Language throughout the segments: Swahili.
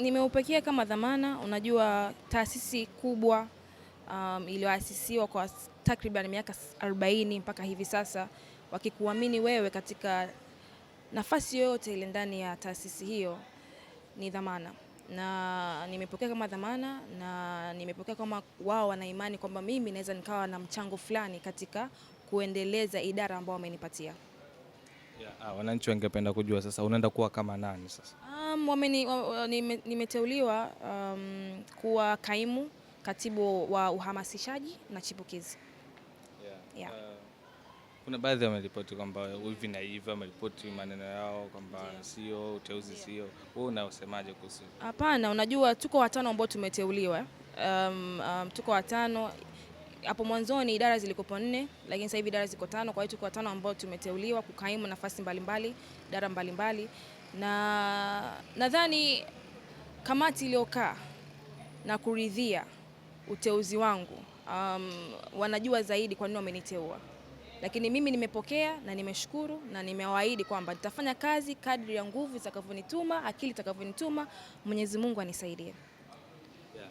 Nimeupokea kama dhamana. Unajua taasisi kubwa um, iliyoasisiwa kwa takriban miaka 40 mpaka hivi sasa, wakikuamini wewe katika nafasi yoyote ile ndani ya taasisi hiyo ni dhamana, na nimepokea kama dhamana, na nimepokea kama wao wana imani kwamba mimi naweza nikawa na mchango fulani katika kuendeleza idara ambayo wamenipatia. Yeah, ah, wananchi wangependa kujua sasa unaenda kuwa kama nani sasa? Um, wame, nimeteuliwa um, kuwa kaimu katibu wa uhamasishaji na chipukizi. Yeah. Yeah. Uh, kuna baadhi wameripoti kwamba hivi na hivi, wameripoti maneno yao kwamba sio uteuzi, sio wewe, unasemaje kuhusu? Hapana, unajua tuko watano ambao tumeteuliwa, um, um, tuko watano hapo mwanzoni idara zilikopo nne, lakini sasa hivi idara ziko tano. Kwa hiyo tuko watano ambao tumeteuliwa kukaimu nafasi mbalimbali idara mbalimbali, na nadhani kamati iliyokaa na kuridhia uteuzi wangu um, wanajua zaidi kwa nini wameniteua, lakini mimi nimepokea na nimeshukuru na nimewaahidi kwamba nitafanya kazi kadri ya nguvu zitakavyonituma, akili itakavyonituma. Mwenyezi Mungu anisaidie.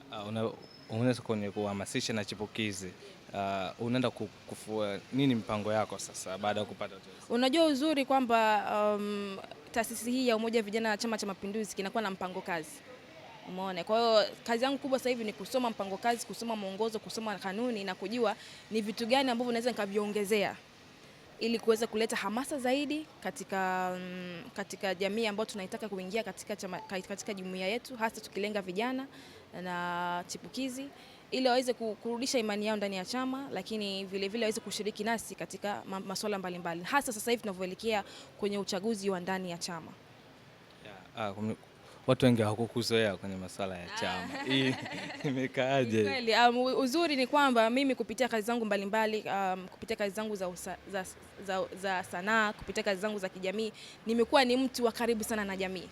Yeah, uh, una unaweza kwenye kuhamasisha na chipukizi uh, unaenda kufua nini mpango yako sasa baada ya kupata tuzo? Unajua uzuri kwamba um, taasisi hii ya umoja wa vijana na Chama cha Mapinduzi kinakuwa na mpango kazi Umeona. Kwa hiyo kazi yangu kubwa sasa hivi ni kusoma mpango kazi, kusoma mwongozo, kusoma kanuni na kujua ni vitu gani ambavyo naweza nikaviongezea ili kuweza kuleta hamasa zaidi katika, um, katika jamii ambayo tunaitaka kuingia katika, katika jumuiya yetu hasa tukilenga vijana na chipukizi ili waweze kurudisha imani yao ndani ya chama, lakini vilevile waweze kushiriki nasi katika masuala mbalimbali, hasa sasa hivi tunavyoelekea kwenye uchaguzi wa ndani ya chama. Yeah, uh, watu wengi hawakukuzoea kwenye masuala ya chama ah. imekaaje? Kweli um, uzuri ni kwamba mimi kupitia kazi zangu mbalimbali um, kupitia kazi zangu za, za, za, za sanaa, kupitia kazi zangu za kijamii nimekuwa ni mtu wa karibu sana na jamii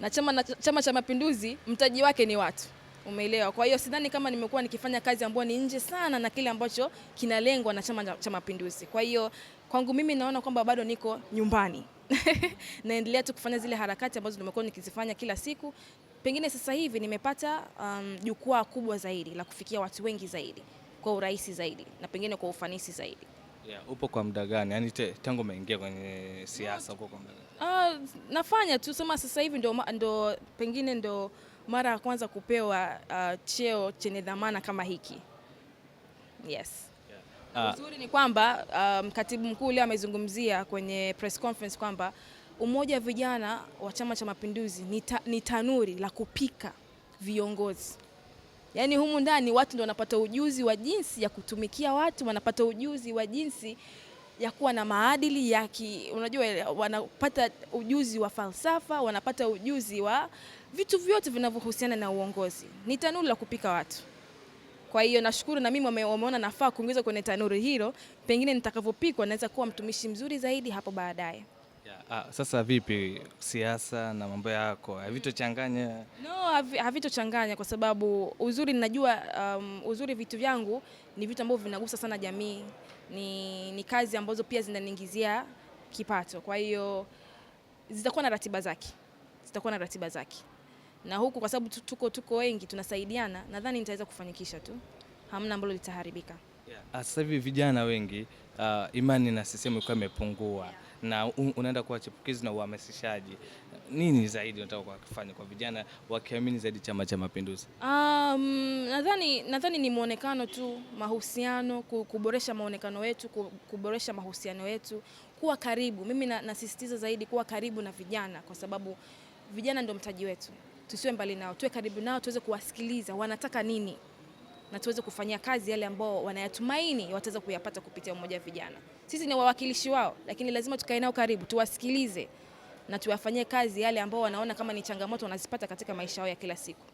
na chama, na Chama cha Mapinduzi mtaji wake ni watu, umeelewa? Kwa hiyo sidhani kama nimekuwa nikifanya kazi ambayo ni nje sana na kile ambacho kinalengwa na Chama cha Mapinduzi. Kwa hiyo kwangu mimi naona kwamba bado niko nyumbani naendelea tu kufanya zile harakati ambazo nimekuwa nikizifanya kila siku. Pengine sasa hivi nimepata um, jukwaa kubwa zaidi la kufikia watu wengi zaidi kwa urahisi zaidi na pengine kwa ufanisi zaidi. Yeah, upo kwa muda gani? Yaani tangu umeingia kwenye siasa uko kwa muda gani? Uh, nafanya tu sema sasa hivi ndo, ndo pengine ndo mara ya kwanza kupewa uh, cheo chenye dhamana kama hiki. Yes. Yeah. Uh, uzuri ni kwamba um, mkuu leo amezungumzia kwenye press conference kwamba umoja wa vijana wa Chama cha Mapinduzi ni, ta, ni tanuri la kupika viongozi. Yaani humu ndani watu ndio wanapata ujuzi wa jinsi ya kutumikia watu, wanapata ujuzi wa jinsi ya kuwa na maadili ya ki, unajua wanapata ujuzi wa falsafa, wanapata ujuzi wa vitu vyote vinavyohusiana na uongozi. Ni tanuri la kupika watu. Kwa hiyo nashukuru na mimi wameona nafaa kuongeza kwenye tanuri hilo, pengine nitakavyopikwa naweza kuwa mtumishi mzuri zaidi hapo baadaye. Yeah, sasa vipi siasa na mambo yako havitochanganya? No, havitochanganya kwa sababu uzuri ninajua, um, uzuri vitu vyangu ni vitu ambavyo vinagusa sana jamii, ni, ni kazi ambazo pia zinaniingizia kipato, kwa hiyo zitakuwa na ratiba zake, zitakuwa na ratiba zake, na huku kwa sababu tuko tuko wengi tunasaidiana, nadhani nitaweza kufanikisha tu, hamna ambalo litaharibika. Yeah, sasa hivi vijana wengi uh, imani na sisemu ilikuwa imepungua na unaenda kuwa chipukizi na uhamasishaji. Nini zaidi unataka kufanya kwa vijana wakiamini zaidi Chama cha Mapinduzi? Um, nadhani nadhani ni mwonekano tu, mahusiano, kuboresha maonekano wetu, kuboresha mahusiano yetu, kuwa karibu. Mimi na, nasisitiza zaidi kuwa karibu na vijana, kwa sababu vijana ndio mtaji wetu. Tusiwe mbali nao, tuwe karibu nao, tuweze kuwasikiliza wanataka nini na tuweze kufanyia kazi yale ambao wanayatumaini wataweza kuyapata kupitia umoja wa vijana. Sisi ni wawakilishi wao, lakini lazima tukae nao karibu, tuwasikilize na tuwafanyie kazi yale ambao wanaona kama ni changamoto wanazipata katika maisha yao ya kila siku.